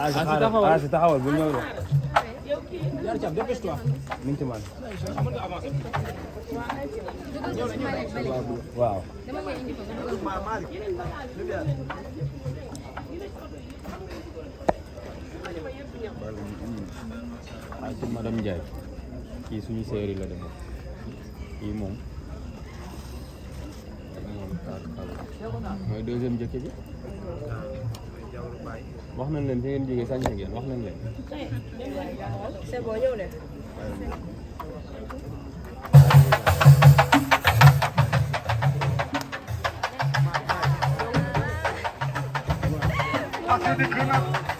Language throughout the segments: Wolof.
Asi taxawal Asi taxawal bu ñëw la. Yar Thiam dépêche-toi. mi ngi ci man. waaw. ah ci madame Ndiaye kii suñu séeri la demee kii moom moom mooy deuxième jëkk bi. wax nañ leen fi ngeen jógee sañ sa wax nañ leen. c'est bon ñëw leen. Thank you.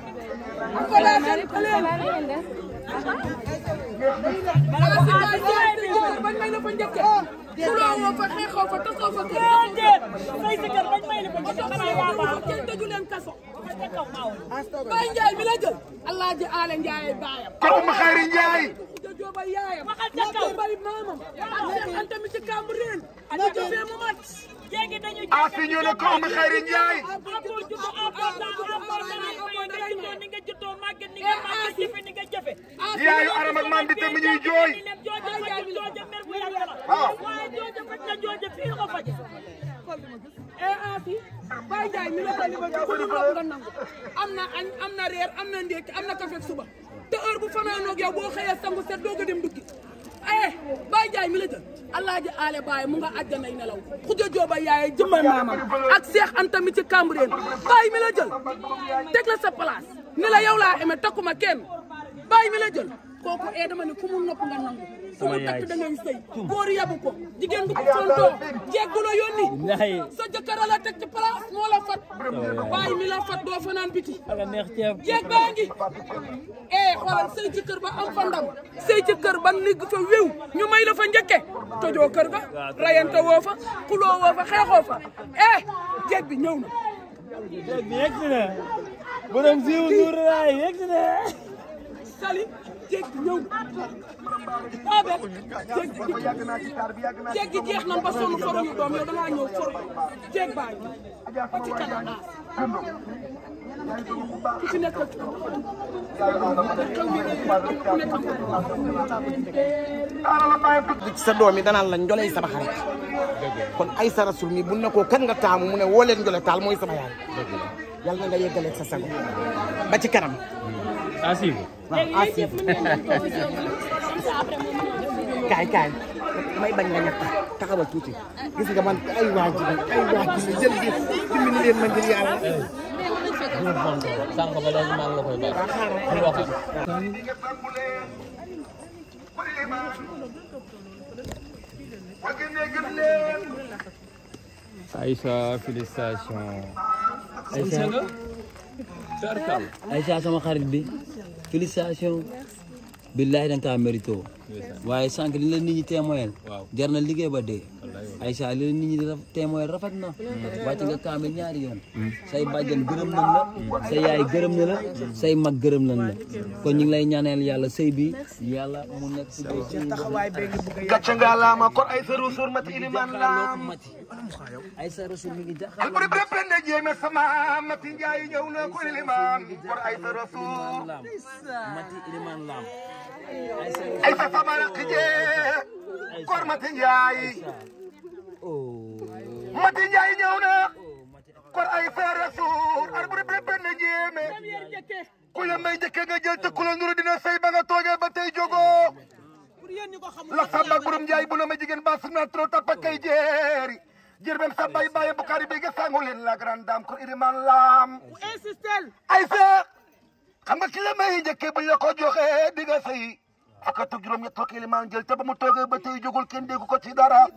Baye Ndiaye mi la jël Alaaji Aale Ndiaye baayam ko Oumou Khayri Ndiaye da jobal yaayam waxal ca kaw bari maamam waxal tamit ci kambu reen ani jofé mu mat jéegi dañu Afi ñu ne ko Oumou Khayri Ndiaye yaayu aram ak maam di te na añ na reer am na ndékki am a dem duggi eh mu nga àjjanay nelaw xuja jooba yaaye jëmmal maamam ak Cheikh Anta mi ci Cambérène Baye mi jël teg la sa place ni la yow takkuma kenn bàyyi mi la jël kooku ee eh, dama ne ku nopp nga nangu ku takk da ngay sëy yabu ko jigéen du ko tontoo jéggu la yónni sa jëkkër la teg ci place la fat bàyyi mi fat doo fanaan biti jeeg baa ngi ee eh, xoolal sëy ci ba am fa ndam sëy ba ligg fa wiw ñu may la fa njëkke tojoo kër ga rayante woo fa xuloo woo fa ee eh, jeeg bi na jeeg bi siiw nuur raay yegg na Saly jéggi ñëw Tabe jéggi jeex na ba sonn foru doom yow da ngaa ñëw foru jéggi baa ñu kanam ku sama xarit kon ay sa rasul mi bu ne kan nga taamu mu ne woo leen njole taal mooy sama yaay yal na nga yeggaleeg sa sago ba ci kanam à suivre waaw à suivre kaay kaay may bañ nga ñàkk taxawal tuuti gis nga man ay waa ji ay waa ji jël gi dimbali leen ma ngir yàlla sànq ba léegi maa ngi la koy bàyyi pour wax Aïcha, félicitations. Aïcha. Aïcha sama xarit bi félicitation billahi danga kaa mérito waaye sànq li la nit ñi témoyel jar na liggéey ba dee Aïcha li la nit ñi témoyel rafet na wàcc nga kaame ñaari yoon say bàjjan gërëm nañ la say yaay gërëm na la say mag gërëm nañ la kon ñu lay ñaaneel yàlla sey bi yàlla mu nekk si gàcce nga laama ko iliman kon mati iliman laam baba rakk jee góor Mati Njaay Mati Njaay ñëw na góor ay feere suur ar bu rëbb benn jéeme ku la may nga jël te ku nuru dina sey ba nga toogee ba tey jogoo la samba ak borom bu la ma jigéen ba suna trop tappa kay jeeri jirbem samba yi bàyyi bukari bi ga sangu leen la grande dame ko iriman laam ay fe xam nga ki la may jëkke bu la ko joxee di nga sey fukkat ak juróom ñett jël te mu toogee ba tey jógul kenn ko ci dara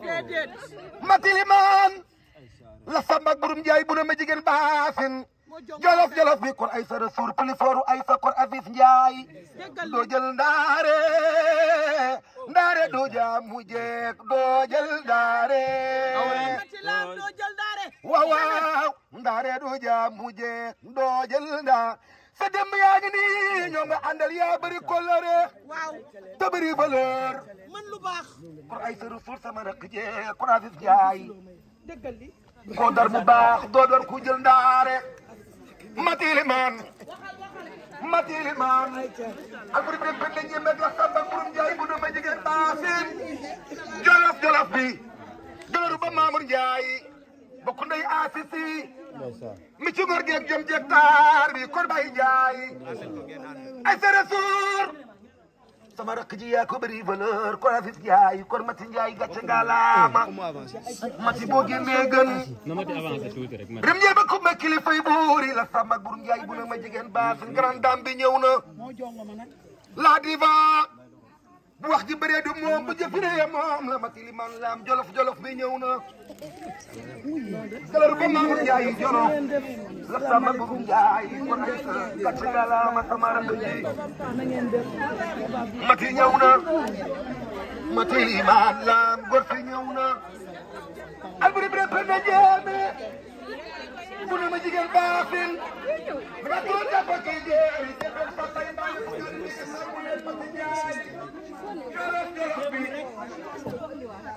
mati Ilimaan la samba ak burum bu ne ma jigéen baasin jolof jolof bi kon ay sa resour plifooru ay sa kon afis njaay doo jël ndaare ndaare doo jaamu jeeg doo jël ndaare waaw waaw ndaare sa démb yaa ngi nii ñoom nga àndal yaa bëri kóllëre waaw te bëri valeur man lu baax pour ay sa ressource sama rakk jee ku naa jaay dëggal li baax doo doon ku jël ndaare matili maan matili maan ak bu dee benn lañ yemee la samba kurum jaay bu dama jigéen baasin jolof jolof bi dooru ba Mamour Njaay bokk ndey asisi mi ci ngor geeg jom jeeg taar bi kor bay jaay ay sa rasuur sama rakk ji yaa ko bëri valeur kor afis jaay kor mati njaay gàcce nga laama mati boo génnee gën rem njaay ba ko ma kilifa yi buuri la sama bur bu na ma jigéen baa suñ grande dame bi ñëw na la diva bu wax ji bëree du moom bu jëfëree moom la mati liman laam jolof jolof bi ñëw na galar ba maam njaay jolof la sama bu njaay kon ay kàcc galaama sama rakk ji mati ñëw na mati liman laam gor fi ñëw na albiri bi repen na jeeme bu ne ma jigéen baafin rakk la jàpp ak jeeri jëfal sa tay mbaa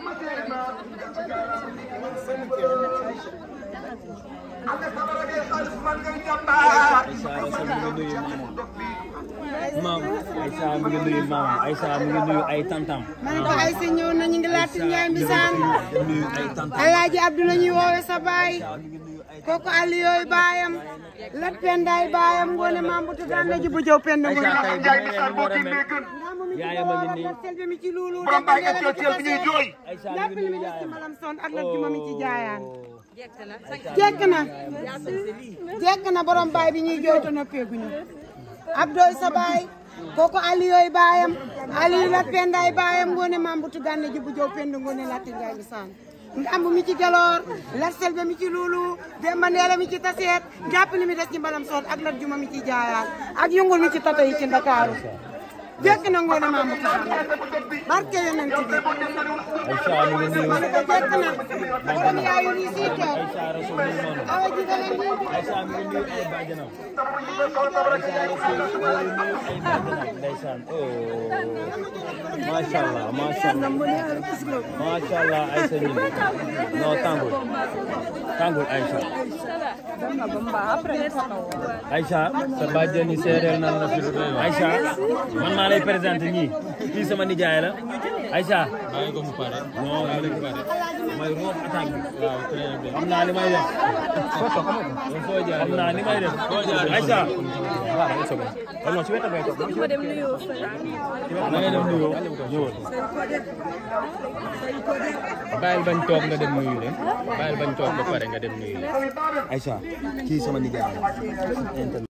maam Aïssa mi ngi ngi nuyu ay tantam. ma ne ko Aïssa na ñu ngi laati Ndiaye Mbisaan. Alaaji Abdou la ñuy woowee sa kooku Aliou baayam Lat Pendaay baayam ngoone maam bu tuddaan la jibu jaw pend ngoone Njaay Misar boo génnee gën yaayam a ngi nii selbe mi ci luulu borom baay ak cel cel bi ñuy jooy lépp li mu ci malam son na jekk na borom baay bi ñuy jooy to noppeeguñu sa ndamb mi ci geloor larsel ba mi ci luulu demba neela mi ci taseet jàpp li mi des ci mbalam soot ak lat juma mi ci jaayaal ak yungul mi ci tato yi ci ndakaaru jekk na ngoone maa mu taxaw barke yeneen ci biir ma ne ko jekk na borom yaayu ni si toog awa ji da leen nuyu macha allah macha allah macha allah Aïssa ñu non tàngul tàngul Aïssa Aïssa sa bàjjeni séeréer nan la fi doy Aïssa man maa lay présenté ñii kii sama nijaay la Aïcha. bàyyi ko mu pare. non bàyyi ko mu pare. mooy roob attaque bi. waaw xam naa li may def. xam naa li may def. Aïcha. waaw non ci wetam ngay toog. ma dem nuyoo. na nga dem nuyoo ñëwal. bàyyil bañ toog nga dem nuyu leen. bàyyil bañ toog ba pare nga dem nuyu leen. Aïcha kii sama nijaay la.